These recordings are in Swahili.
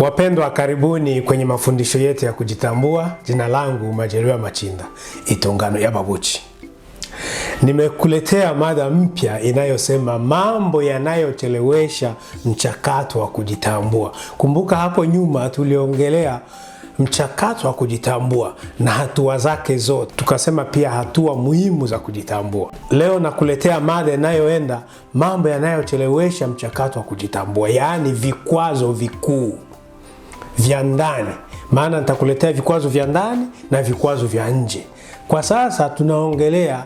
Wapendwa, karibuni kwenye mafundisho yetu ya kujitambua. Jina langu Majaliwa Machinda, Itongano ya Babuchi. Nimekuletea mada mpya inayosema mambo yanayochelewesha mchakato wa kujitambua. Kumbuka hapo nyuma tuliongelea mchakato wa kujitambua na hatua zake zote, tukasema pia hatua muhimu za kujitambua. Leo nakuletea mada inayoenda mambo yanayochelewesha mchakato wa kujitambua, yaani vikwazo vikuu vya ndani, maana nitakuletea vikwazo vya ndani na vikwazo vya nje. Kwa sasa tunaongelea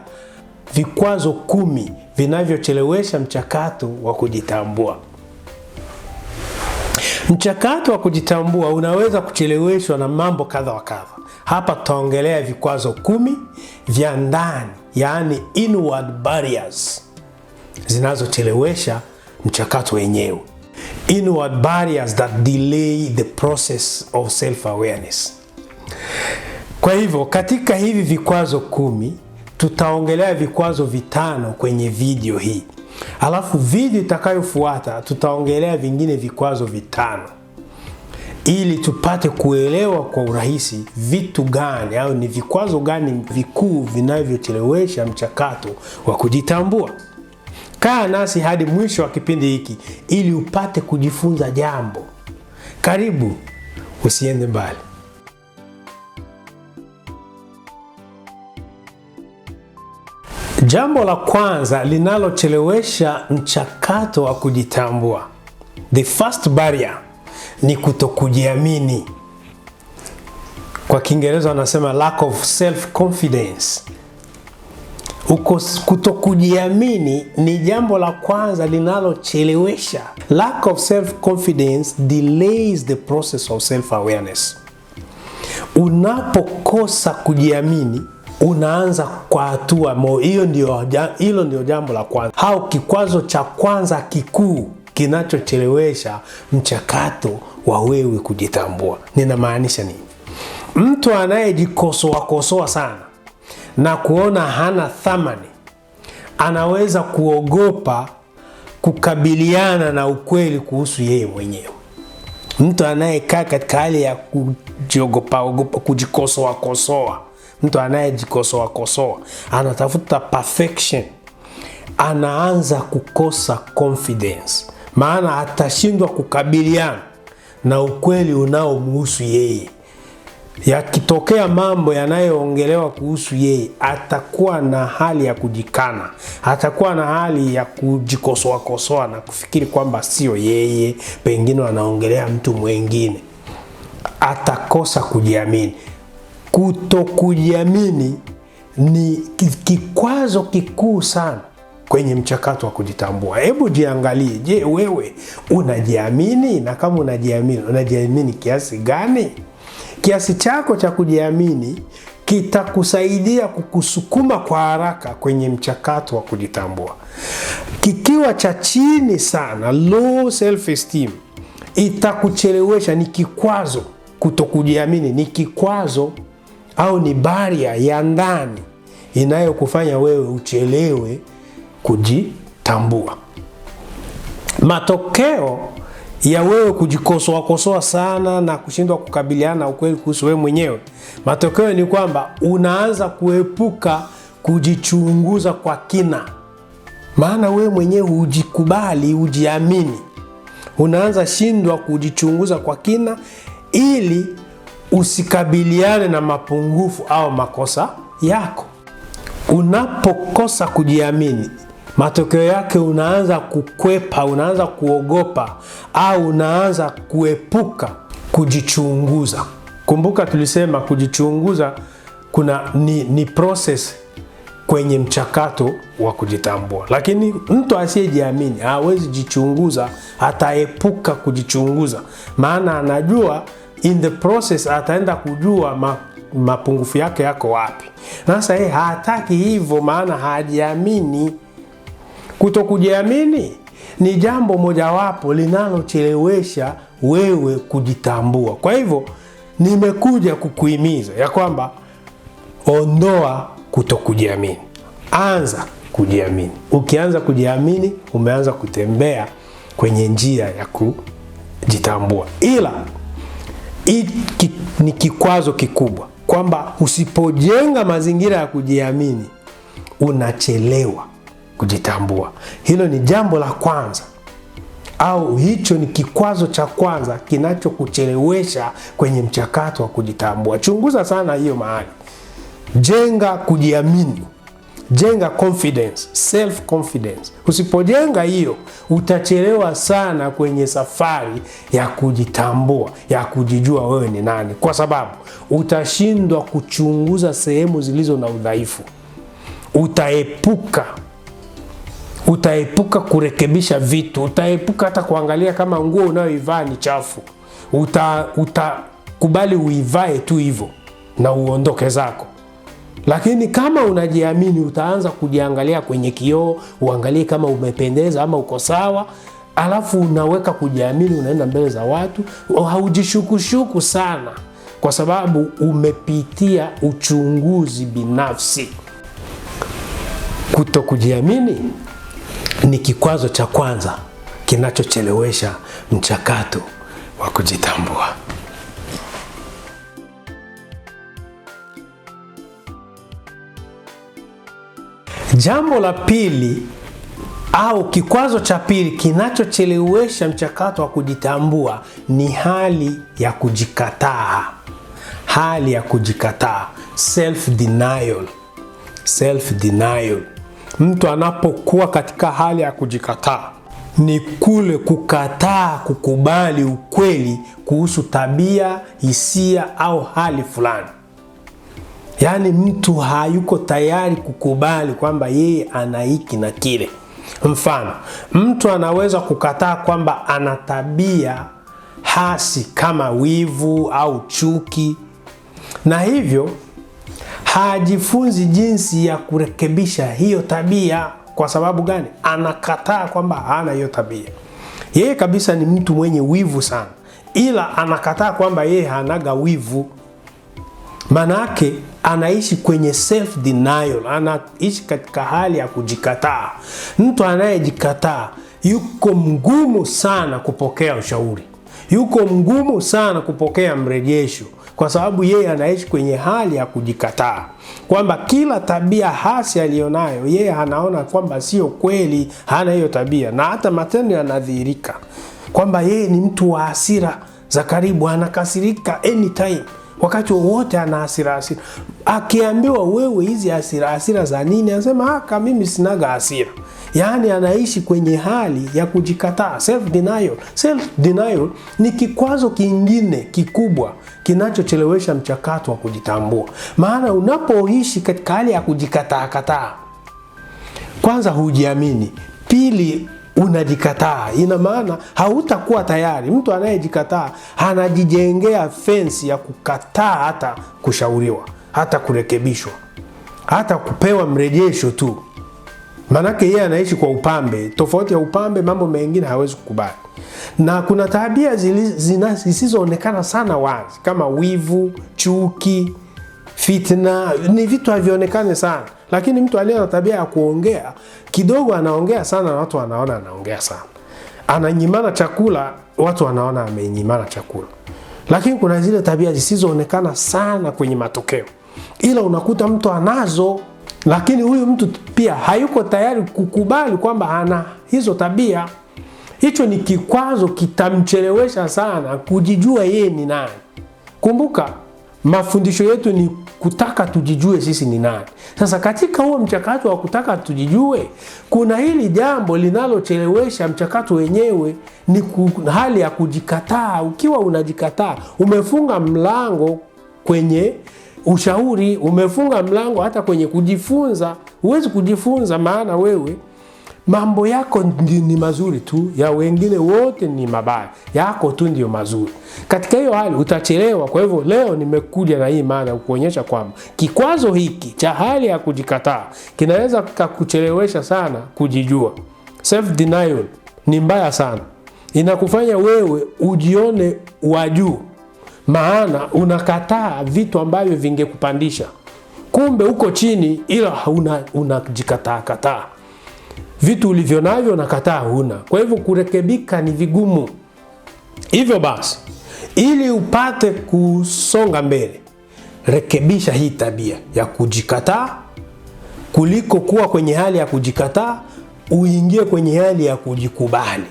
vikwazo kumi vinavyochelewesha mchakato wa kujitambua. Mchakato wa kujitambua unaweza kucheleweshwa na mambo kadha wa kadha. Hapa tutaongelea vikwazo kumi vya ndani, yaani inward barriers, zinazochelewesha mchakato wenyewe inward barriers that delay the process of self awareness. Kwa hivyo katika hivi vikwazo kumi tutaongelea vikwazo vitano kwenye video hii, alafu video itakayofuata tutaongelea vingine vikwazo vitano ili tupate kuelewa kwa urahisi vitu gani au ni vikwazo gani vikuu vinavyochelewesha mchakato wa kujitambua. Kaa nasi hadi mwisho wa kipindi hiki ili upate kujifunza jambo. Karibu, usiende mbali. Jambo la kwanza linalochelewesha mchakato wa kujitambua, the first barrier, ni kutokujiamini. Kwa Kiingereza wanasema lack of self confidence. Uko kutokujiamini ni jambo la kwanza linalochelewesha. Lack of self confidence delays the process of self awareness. Unapokosa kujiamini unaanza kwa hatua mo, hiyo ndio, hilo ndio jambo la kwanza au kikwazo cha kwanza kikuu kinachochelewesha mchakato wa wewe kujitambua. Ninamaanisha nini? Mtu anayejikosoa kosoa sana na kuona hana thamani, anaweza kuogopa kukabiliana na ukweli kuhusu yeye mwenyewe. Mtu anayekaa katika hali ya kujiogopa ogopa, kujikosoa kosoa, mtu anayejikosoa kosoa, anatafuta perfection, anaanza kukosa confidence, maana atashindwa kukabiliana na ukweli unaomhusu yeye yakitokea mambo yanayoongelewa kuhusu yeye, atakuwa na hali ya kujikana, atakuwa na hali ya kujikosoakosoa na kufikiri kwamba sio yeye, pengine wanaongelea mtu mwingine. Atakosa kujiamini. Kutokujiamini ni kikwazo kikuu sana kwenye mchakato wa kujitambua. Hebu jiangalie, je, wewe unajiamini? Na kama unajiamini, unajiamini kiasi gani? Kiasi chako cha kujiamini kitakusaidia kukusukuma kwa haraka kwenye mchakato wa kujitambua. Kikiwa cha chini sana, low self esteem, itakuchelewesha, ni kikwazo. Kutokujiamini ni kikwazo au ni baria ya ndani inayokufanya wewe uchelewe kujitambua. Matokeo ya wewe kujikosoa kosoa sana na kushindwa kukabiliana na ukweli kuhusu wewe mwenyewe, matokeo ni kwamba unaanza kuepuka kujichunguza kwa kina, maana wewe mwenyewe hujikubali, hujiamini. Unaanza shindwa kujichunguza kwa kina ili usikabiliane na mapungufu au makosa yako. Unapokosa kujiamini matokeo yake unaanza kukwepa, unaanza kuogopa au unaanza kuepuka kujichunguza. Kumbuka tulisema kujichunguza kuna ni, ni process kwenye mchakato wa kujitambua, lakini mtu asiyejiamini hawezi jichunguza, ataepuka kujichunguza, maana anajua in the process ataenda kujua ma, mapungufu yake yako wapi. Sasa yeye hataki hivyo, maana hajiamini. Kutokujiamini ni jambo mojawapo linalochelewesha wewe kujitambua. Kwa hivyo nimekuja kukuhimiza ya kwamba ondoa kutokujiamini, anza kujiamini. Ukianza kujiamini, umeanza kutembea kwenye njia ya kujitambua, ila hiki ni kikwazo kikubwa kwamba usipojenga mazingira ya kujiamini unachelewa kujitambua. Hilo ni jambo la kwanza, au hicho ni kikwazo cha kwanza kinachokuchelewesha kwenye mchakato wa kujitambua. Chunguza sana hiyo mahali, jenga kujiamini, jenga confidence, self confidence. Usipojenga hiyo utachelewa sana kwenye safari ya kujitambua, ya kujijua wewe ni nani, kwa sababu utashindwa kuchunguza sehemu zilizo na udhaifu, utaepuka utaepuka kurekebisha vitu, utaepuka hata kuangalia kama nguo unayoivaa ni chafu. Utakubali uta uivae tu hivyo na uondoke zako. Lakini kama unajiamini, utaanza kujiangalia kwenye kioo, uangalie kama umependeza ama uko sawa, alafu unaweka kujiamini, unaenda mbele za watu, haujishukushuku sana, kwa sababu umepitia uchunguzi binafsi. Kuto kujiamini ni kikwazo cha kwanza kinachochelewesha mchakato wa kujitambua. Jambo la pili au kikwazo cha pili kinachochelewesha mchakato wa kujitambua ni hali ya kujikataa. Hali ya kujikataa, self denial, self denial mtu anapokuwa katika hali ya kujikataa ni kule kukataa kukubali ukweli kuhusu tabia, hisia au hali fulani. Yaani mtu hayuko tayari kukubali kwamba yeye ana hiki na kile. Mfano, mtu anaweza kukataa kwamba ana tabia hasi kama wivu au chuki, na hivyo hajifunzi jinsi ya kurekebisha hiyo tabia. Kwa sababu gani? Anakataa kwamba hana hiyo tabia. Yeye kabisa ni mtu mwenye wivu sana, ila anakataa kwamba yeye hanaga wivu. Manake anaishi kwenye self denial, anaishi katika hali ya kujikataa. Mtu anayejikataa yuko mgumu sana kupokea ushauri, yuko mgumu sana kupokea mrejesho kwa sababu yeye anaishi kwenye hali ya kujikataa, kwamba kila tabia hasi aliyonayo yeye anaona kwamba sio kweli, hana hiyo tabia, na hata matendo yanadhihirika kwamba yeye ni mtu wa hasira za karibu, anakasirika anytime wakati wowote ana hasira hasira. Akiambiwa wewe, hizi hasira hasira za nini? Anasema haka ah, mimi sinaga hasira. Yaani anaishi kwenye hali ya kujikataa, self denial. Self denial ni kikwazo kingine kikubwa kinachochelewesha mchakato wa kujitambua, maana unapoishi katika hali ya kujikataa kataa, kwanza hujiamini, pili unajikataa, ina maana hautakuwa tayari. Mtu anayejikataa anajijengea fensi ya kukataa hata kushauriwa, hata kurekebishwa, hata kupewa mrejesho tu. Maanake yeye anaishi kwa upambe. Tofauti ya upambe, mambo mengine hawezi kukubali. Na kuna tabia zisizoonekana sana wazi kama wivu, chuki, fitna, ni vitu havionekane sana lakini mtu aliye na tabia ya kuongea kidogo, anaongea sana na watu wanaona anaongea sana, ananyimana chakula, watu wanaona amenyimana chakula. Lakini kuna zile tabia zisizoonekana sana kwenye matokeo, ila unakuta mtu anazo, lakini huyu mtu pia hayuko tayari kukubali kwamba ana hizo tabia. Hicho ni kikwazo, kitamchelewesha sana kujijua yeye ni nani. Kumbuka mafundisho yetu ni kutaka tujijue sisi ni nani. Sasa katika huo mchakato wa kutaka tujijue, kuna hili jambo linalochelewesha mchakato wenyewe, ni hali ya kujikataa. Ukiwa unajikataa, umefunga mlango kwenye ushauri, umefunga mlango hata kwenye kujifunza. Huwezi kujifunza, maana wewe mambo yako ni mazuri tu, ya wengine wote ni mabaya, yako tu ndio mazuri. Katika hiyo hali utachelewa. Kwa hivyo leo nimekuja na hii mada kukuonyesha kwamba kikwazo hiki cha hali ya kujikataa kinaweza kikakuchelewesha sana kujijua. Self denial ni mbaya sana, inakufanya wewe ujione wa juu, maana unakataa vitu ambavyo vingekupandisha. Kumbe uko chini, ila unajikataa una kataa vitu ulivyo navyo kataa huna, kwa hivyo kurekebika ni vigumu. Hivyo basi, ili upate kusonga mbele, rekebisha hii tabia ya kujikataa kuliko kuwa kwenye hali ya kujikataa, uingie kwenye hali ya kujikubali.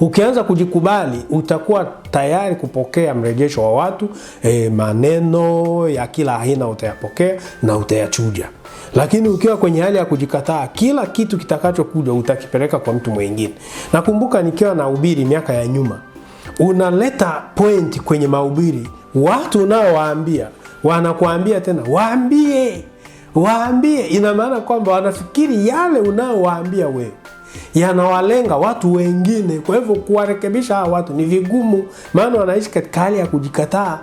Ukianza kujikubali utakuwa tayari kupokea mrejesho wa watu. E, maneno ya kila aina utayapokea na utayachuja. Lakini ukiwa kwenye hali ya kujikataa, kila kitu kitakachokuja utakipeleka kwa mtu mwingine. Nakumbuka nikiwa nahubiri miaka ya nyuma, unaleta point kwenye mahubiri, watu unaowaambia wanakuambia tena, waambie waambie. Ina maana kwamba wanafikiri yale unaowaambia wewe yanawalenga watu wengine, kwa hivyo kuwarekebisha hawa watu ni vigumu, maana wanaishi katika hali ya kujikataa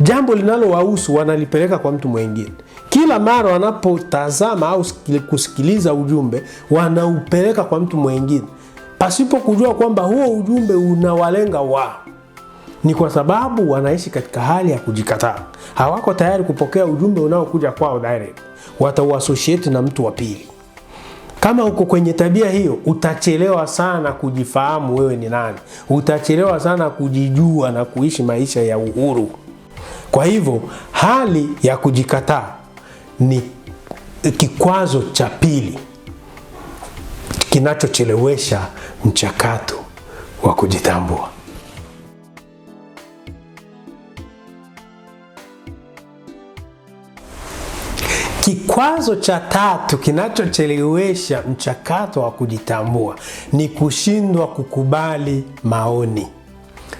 jambo linalowahusu wanalipeleka kwa mtu mwingine. Kila mara wanapotazama au kusikiliza ujumbe, wanaupeleka kwa mtu mwingine pasipo kujua kwamba huo ujumbe unawalenga wao. Ni kwa sababu wanaishi katika hali ya kujikataa, hawako tayari kupokea ujumbe unaokuja kwao direct. Watauassociate na mtu wa pili. Kama uko kwenye tabia hiyo, utachelewa sana kujifahamu wewe ni nani, utachelewa sana kujijua na kuishi maisha ya uhuru. Kwa hivyo hali ya kujikataa ni kikwazo cha pili kinachochelewesha mchakato wa kujitambua. Kikwazo cha tatu kinachochelewesha mchakato wa kujitambua ni kushindwa kukubali maoni,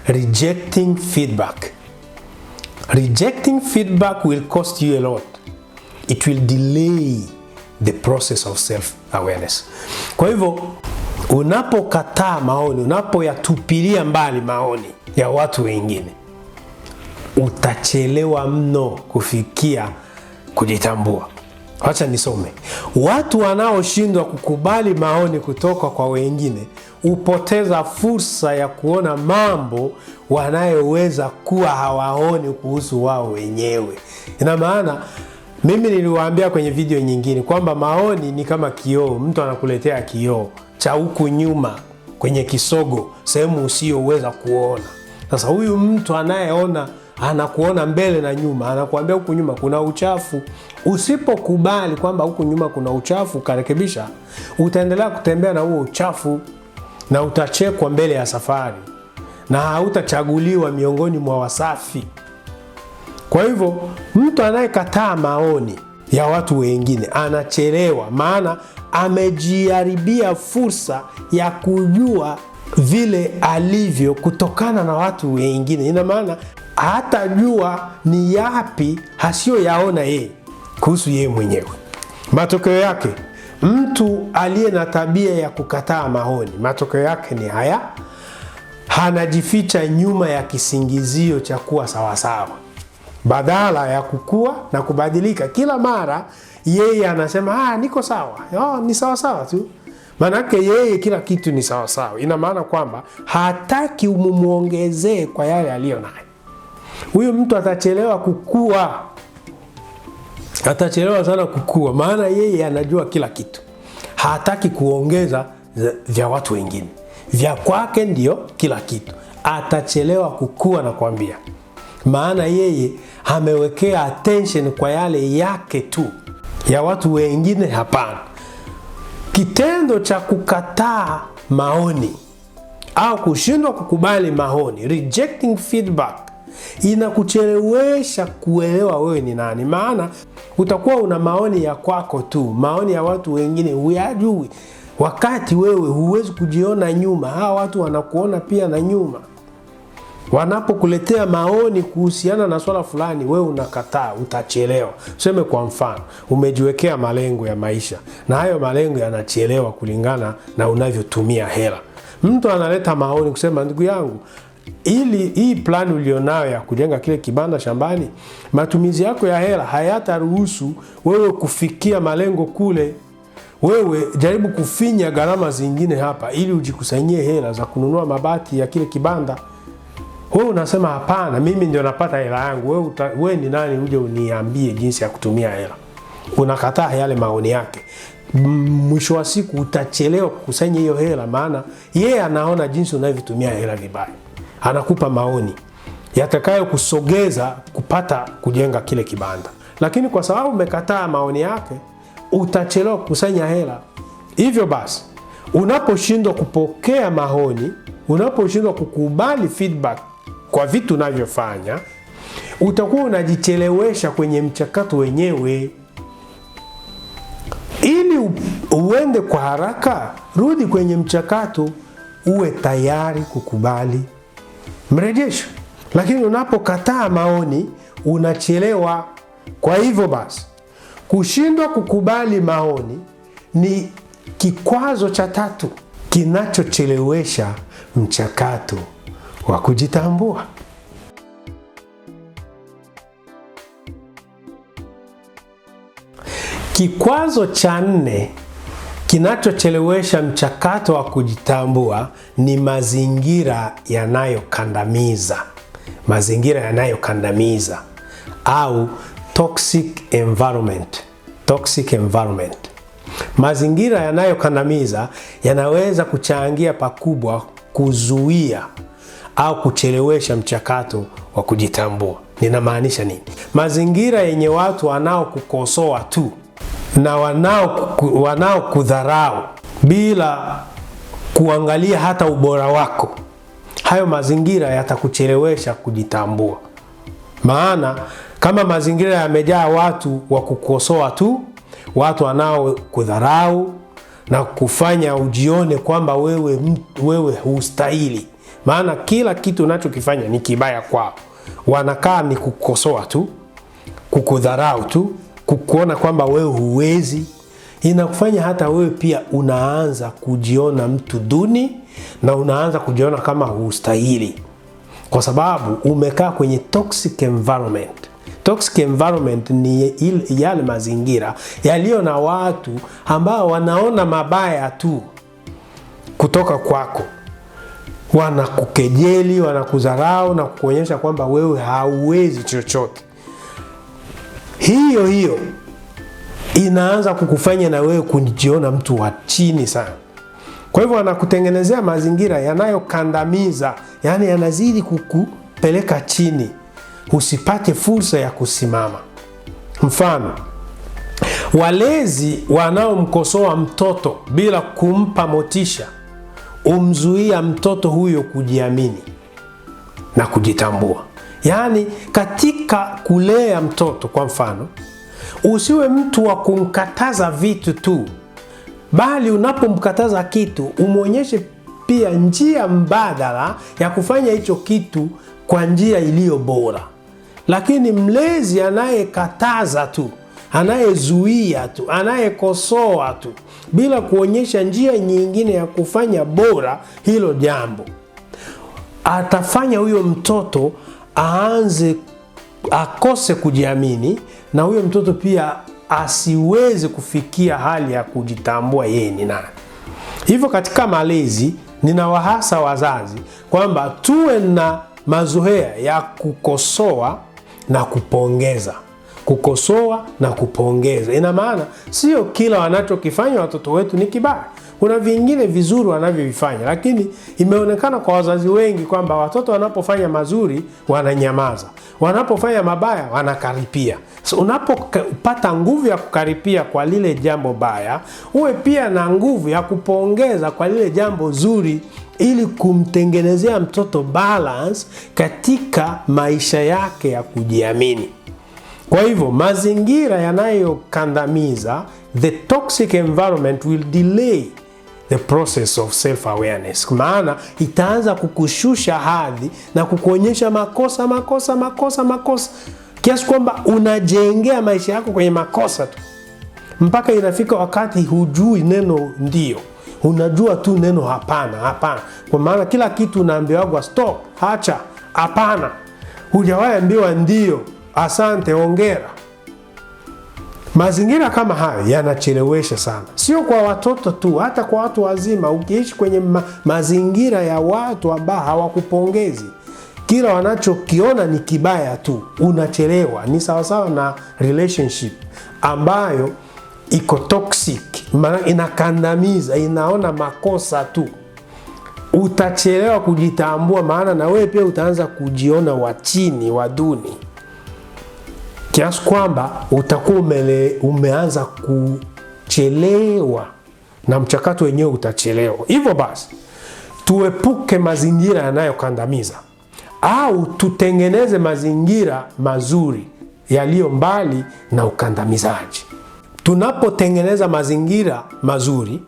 rejecting feedback. Rejecting feedback will cost you a lot. It will delay the process of self awareness. Kwa hivyo unapokataa maoni, unapoyatupilia mbali maoni ya watu wengine, utachelewa mno kufikia kujitambua. Wacha nisome. Watu wanaoshindwa kukubali maoni kutoka kwa wengine hupoteza fursa ya kuona mambo wanayoweza kuwa hawaoni kuhusu wao wenyewe. Ina maana mimi niliwaambia kwenye video nyingine kwamba maoni ni kama kioo. Mtu anakuletea kioo cha huku nyuma kwenye kisogo, sehemu usiyoweza kuona. Sasa huyu mtu anayeona anakuona mbele na nyuma, anakuambia huku nyuma kuna uchafu. Usipokubali kwamba huku nyuma kuna uchafu ukarekebisha, utaendelea kutembea na huo uchafu na utachekwa mbele ya safari na hautachaguliwa miongoni mwa wasafi. Kwa hivyo mtu anayekataa maoni ya watu wengine anachelewa, maana amejiharibia fursa ya kujua vile alivyo kutokana na watu wengine. Ina maana hatajua ni yapi hasiyoyaona yeye kuhusu yeye mwenyewe. Matokeo yake mtu aliye na tabia ya kukataa maoni, matokeo yake ni haya: hanajificha nyuma ya kisingizio cha kuwa sawasawa, badala ya kukua na kubadilika. Kila mara yeye anasema ah, niko sawa, oh, ni sawasawa tu. Maanake yeye kila kitu ni sawasawa. Ina maana kwamba hataki umumwongezee kwa yale aliyo nayo huyu mtu atachelewa kukua, atachelewa sana kukua, maana yeye anajua kila kitu, hataki kuongeza vya watu wengine, vya kwake ndio kila kitu. Atachelewa kukua, nakwambia, maana yeye amewekea attention kwa yale yake tu, ya watu wengine hapana. Kitendo cha kukataa maoni au kushindwa kukubali maoni, rejecting feedback inakuchelewesha kuelewa wewe ni nani, maana utakuwa una maoni ya kwako tu, maoni ya watu wengine huyajui, wakati wewe huwezi kujiona nyuma. Hawa watu wanakuona pia na nyuma wanapokuletea maoni kuhusiana na swala fulani, wewe unakataa, utachelewa. useme kwa mfano, umejiwekea malengo ya maisha na hayo malengo yanachelewa kulingana na unavyotumia hela. Mtu analeta maoni kusema, ndugu yangu ili hii plani ulionayo ya kujenga kile kibanda shambani, matumizi yako ya hela hayataruhusu wewe kufikia malengo kule. Wewe jaribu kufinya gharama zingine hapa, ili ujikusanyie hela za kununua mabati ya kile kibanda. Wewe unasema hapana, mimi ndio napata hela yangu. Wewe, uta, wewe ni nani uje uniambie jinsi ya kutumia hela? Unakataa yale maoni yake. Mwisho wa siku utachelewa kukusanya hiyo hela, maana yeye anaona jinsi unavyotumia hela vibaya anakupa maoni yatakayokusogeza kupata kujenga kile kibanda, lakini kwa sababu umekataa maoni yake utachelewa kukusanya hela. Hivyo basi, unaposhindwa kupokea maoni, unaposhindwa kukubali feedback kwa vitu unavyofanya, utakuwa unajichelewesha kwenye mchakato wenyewe. Ili uende kwa haraka, rudi kwenye mchakato, uwe tayari kukubali mrejesho. Lakini unapokataa maoni unachelewa. Kwa hivyo basi, kushindwa kukubali maoni ni kikwazo cha tatu kinachochelewesha mchakato wa kujitambua. Kikwazo cha nne Kinachochelewesha mchakato wa kujitambua ni mazingira yanayokandamiza, mazingira yanayokandamiza au toxic environment, toxic environment. Mazingira yanayokandamiza yanaweza kuchangia pakubwa kuzuia au kuchelewesha mchakato wa kujitambua. Ninamaanisha nini? Mazingira yenye watu wanaokukosoa tu na wanaokudharau wanao bila kuangalia hata ubora wako, hayo mazingira yatakuchelewesha kujitambua. Maana kama mazingira yamejaa watu wa kukosoa tu, watu wanaokudharau na kufanya ujione kwamba wewe, wewe hustahili. Maana kila kitu unachokifanya ni kibaya kwao, wanakaa ni kukosoa tu, kukudharau tu kukuona kwamba wewe huwezi, inakufanya hata wewe pia unaanza kujiona mtu duni na unaanza kujiona kama hustahili, kwa sababu umekaa kwenye toxic environment. Toxic environment ni yale mazingira yaliyo na watu ambao wanaona mabaya tu kutoka kwako, wanakukejeli, wanakudharau na kukuonyesha kwamba wewe hauwezi chochote hiyo hiyo inaanza kukufanya na wewe kujiona mtu wa chini sana. Kwa hivyo anakutengenezea mazingira yanayokandamiza, yaani yanazidi kukupeleka chini, usipate fursa ya kusimama. Mfano, walezi wanaomkosoa mtoto bila kumpa motisha umzuia mtoto huyo kujiamini na kujitambua. Yaani, katika kulea mtoto, kwa mfano, usiwe mtu wa kumkataza vitu tu, bali unapomkataza kitu umwonyeshe pia njia mbadala ya kufanya hicho kitu kwa njia iliyo bora. Lakini mlezi anayekataza tu, anayezuia tu, anayekosoa tu bila kuonyesha njia nyingine ya kufanya bora hilo jambo, atafanya huyo mtoto aanze akose kujiamini na huyo mtoto pia asiweze kufikia hali ya kujitambua yeye ni nani. Hivyo katika malezi, ninawahasa wazazi kwamba tuwe na mazoea ya kukosoa na kupongeza, kukosoa na kupongeza. Ina maana sio kila wanachokifanya watoto wetu ni kibaya kuna vingine vizuri wanavyovifanya, lakini imeonekana kwa wazazi wengi kwamba watoto wanapofanya mazuri wananyamaza, wanapofanya mabaya wanakaripia. So, unapopata nguvu ya kukaripia kwa lile jambo baya, uwe pia na nguvu ya kupongeza kwa lile jambo zuri ili kumtengenezea mtoto balance katika maisha yake ya kujiamini. Kwa hivyo mazingira yanayokandamiza, the toxic environment will delay the process of self awareness, maana itaanza kukushusha hadhi na kukuonyesha makosa makosa makosa makosa, kiasi kwamba unajengea maisha yako kwenye makosa tu, mpaka inafika wakati hujui neno ndio, unajua tu neno hapana, hapana. Kwa maana kila kitu unaambiwagwa stop, hacha, hapana. Hujawahi ambiwa ndio, asante, hongera. Mazingira kama hayo yanachelewesha sana, sio kwa watoto tu, hata kwa watu wazima. Ukiishi kwenye ma mazingira ya watu ambao hawakupongezi, kila wanachokiona ni kibaya tu, unachelewa. Ni sawasawa na relationship ambayo iko toxic, inakandamiza, inaona makosa tu utachelewa kujitambua, maana na wewe pia utaanza kujiona wa chini, wa duni kiasi kwamba utakuwa umeanza kuchelewa na mchakato wenyewe utachelewa. Hivyo basi tuepuke mazingira yanayokandamiza au tutengeneze mazingira mazuri yaliyo mbali na ukandamizaji. Tunapotengeneza mazingira mazuri,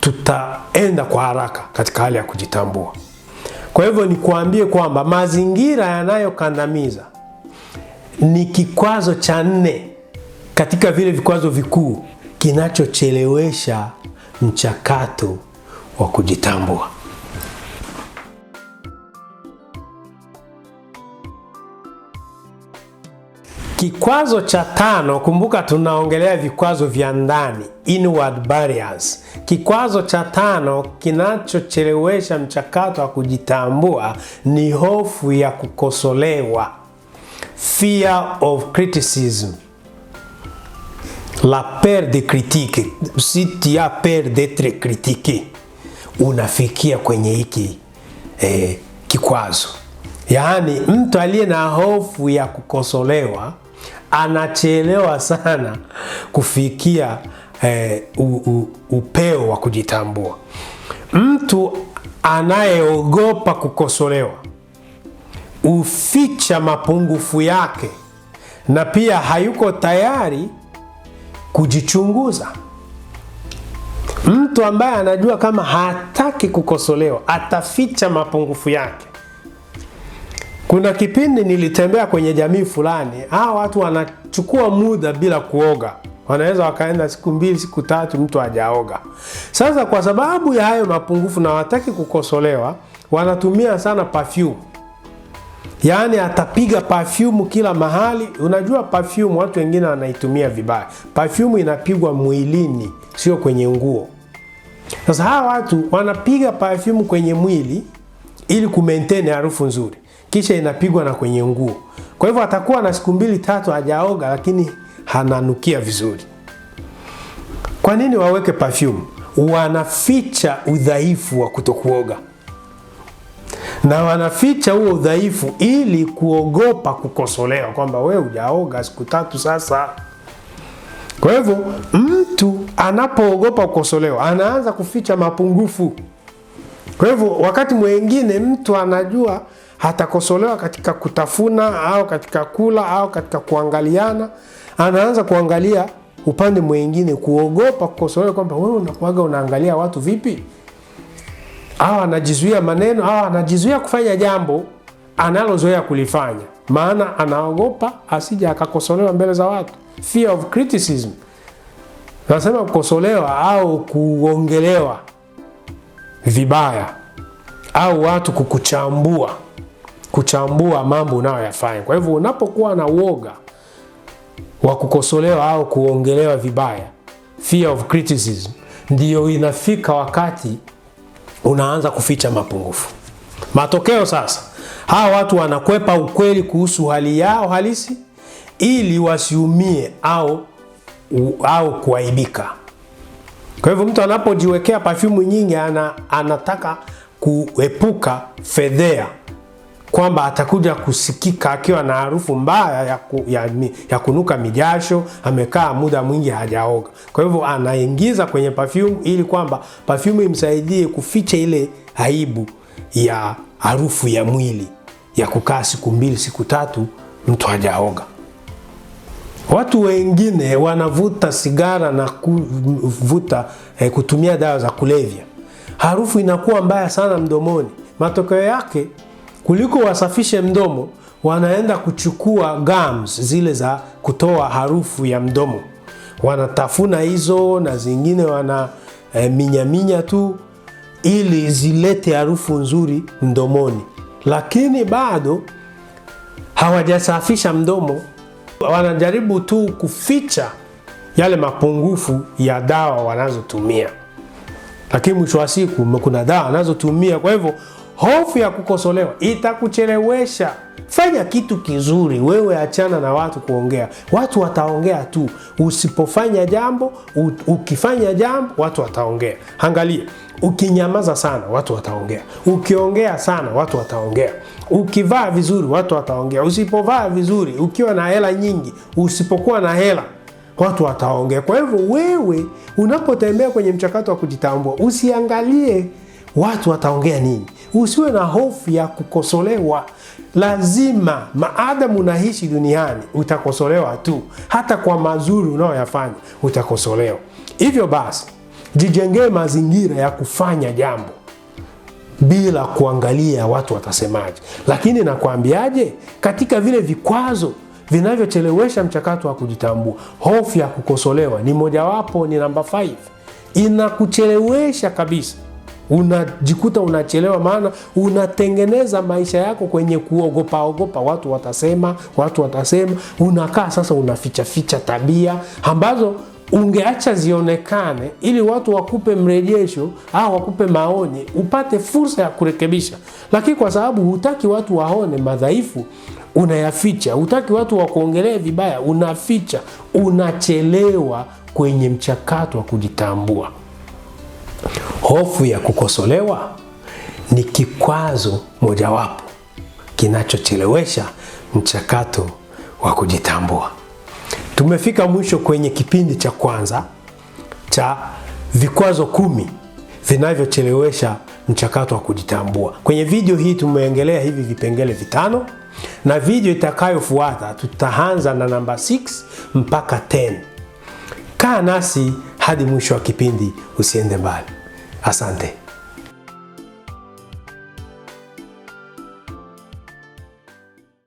tutaenda kwa haraka katika hali ya kujitambua. Kwa hivyo, nikuambie kwamba mazingira yanayokandamiza ni kikwazo cha nne katika vile vikwazo vikuu kinachochelewesha mchakato wa kujitambua. Kikwazo cha tano, kumbuka tunaongelea vikwazo vya ndani, inward barriers. Kikwazo cha tano kinachochelewesha mchakato wa kujitambua ni hofu ya kukosolewa fear of criticism, la peur de critique. Si tu as peur d'être critiqué, unafikia kwenye hiki eh, kikwazo. Yaani mtu aliye na hofu ya kukosolewa anachelewa sana kufikia eh, u, u, upeo wa kujitambua. Mtu anayeogopa kukosolewa huficha mapungufu yake na pia hayuko tayari kujichunguza. Mtu ambaye anajua kama hataki kukosolewa ataficha mapungufu yake. Kuna kipindi nilitembea kwenye jamii fulani, hawa watu wanachukua muda bila kuoga, wanaweza wakaenda siku mbili, siku tatu, mtu hajaoga. Sasa kwa sababu ya hayo mapungufu na hawataki kukosolewa, wanatumia sana perfume yaani atapiga pafyumu kila mahali. Unajua pafyumu, watu wengine wanaitumia vibaya. Pafyumu inapigwa mwilini, sio kwenye nguo. Sasa hawa watu wanapiga pafyumu kwenye mwili ili kumaintain harufu nzuri, kisha inapigwa na kwenye nguo. Kwa hivyo atakuwa na siku mbili tatu hajaoga, lakini hananukia vizuri. Kwa nini waweke pafyumu? Wanaficha udhaifu wa kutokuoga na wanaficha huo udhaifu ili kuogopa kukosolewa, kwamba we hujaoga siku tatu sasa. Kwa hivyo mtu anapoogopa kukosolewa anaanza kuficha mapungufu. Kwa hivyo wakati mwengine mtu anajua hatakosolewa katika kutafuna au katika kula au katika kuangaliana, anaanza kuangalia upande mwengine kuogopa kukosolewa, kwamba wewe unakuaga unaangalia watu vipi? au ah, anajizuia maneno au ah, anajizuia kufanya jambo analozoea kulifanya, maana anaogopa asija akakosolewa mbele za watu. Fear of criticism, nasema kukosolewa au kuongelewa vibaya au watu kukuchambua, kuchambua mambo unayoyafanya. Kwa hivyo unapokuwa na uoga wa kukosolewa au kuongelewa vibaya, fear of criticism, ndiyo inafika wakati unaanza kuficha mapungufu. Matokeo sasa, hawa watu wanakwepa ukweli kuhusu hali yao halisi ili wasiumie au, u, au kuaibika. Kwa hivyo mtu anapojiwekea pafyumu nyingi ana, anataka kuepuka fedhea kwamba atakuja kusikika akiwa na harufu mbaya ya, ku, ya, ya kunuka mijasho, amekaa muda mwingi hajaoga. Kwa hivyo anaingiza kwenye perfume ili kwamba perfume imsaidie kuficha ile aibu ya harufu ya mwili ya kukaa siku mbili siku tatu mtu hajaoga. Watu wengine wanavuta sigara na kuvuta eh, kutumia dawa za kulevya, harufu inakuwa mbaya sana mdomoni. Matokeo yake kuliko wasafishe mdomo, wanaenda kuchukua gums zile za kutoa harufu ya mdomo, wanatafuna hizo na zingine wana e, minyaminya tu ili zilete harufu nzuri mdomoni, lakini bado hawajasafisha mdomo. Wanajaribu tu kuficha yale mapungufu ya dawa wanazotumia, lakini mwisho wa siku kuna dawa wanazotumia, kwa hivyo Hofu ya kukosolewa itakuchelewesha. Fanya kitu kizuri wewe, achana na watu kuongea. Watu wataongea tu, usipofanya jambo. Ukifanya jambo, watu wataongea. Angalia, ukinyamaza sana, watu wataongea. Ukiongea sana, watu wataongea. Ukivaa vizuri, watu wataongea. Usipovaa vizuri, ukiwa na hela nyingi, usipokuwa na hela watu wataongea. Kwa hivyo wewe unapotembea kwenye mchakato wa kujitambua, usiangalie watu wataongea nini. Usiwe na hofu ya kukosolewa. Lazima maadamu unaishi duniani utakosolewa tu, hata kwa mazuri unayoyafanya utakosolewa. Hivyo basi, jijengee mazingira ya kufanya jambo bila kuangalia watu watasemaje. Lakini nakwambiaje, katika vile vikwazo vinavyochelewesha mchakato wa kujitambua, hofu ya kukosolewa ni mojawapo, ni namba 5 inakuchelewesha kabisa unajikuta unachelewa, maana unatengeneza maisha yako kwenye kuogopaogopa. Watu watasema, watu watasema, unakaa sasa unafichaficha tabia ambazo ungeacha zionekane ili watu wakupe mrejesho au wakupe maoni, upate fursa ya kurekebisha. Lakini kwa sababu hutaki watu waone madhaifu, unayaficha. Hutaki watu wakuongelee vibaya, unaficha. Unachelewa kwenye mchakato wa kujitambua. Hofu ya kukosolewa ni kikwazo mojawapo kinachochelewesha mchakato wa kujitambua. Tumefika mwisho kwenye kipindi cha kwanza cha vikwazo kumi vinavyochelewesha mchakato wa kujitambua. Kwenye video hii tumeongelea hivi vipengele vitano na video itakayofuata tutaanza na namba 6 mpaka 10. Kaa nasi hadi mwisho wa kipindi. Usiende mbali. Asante.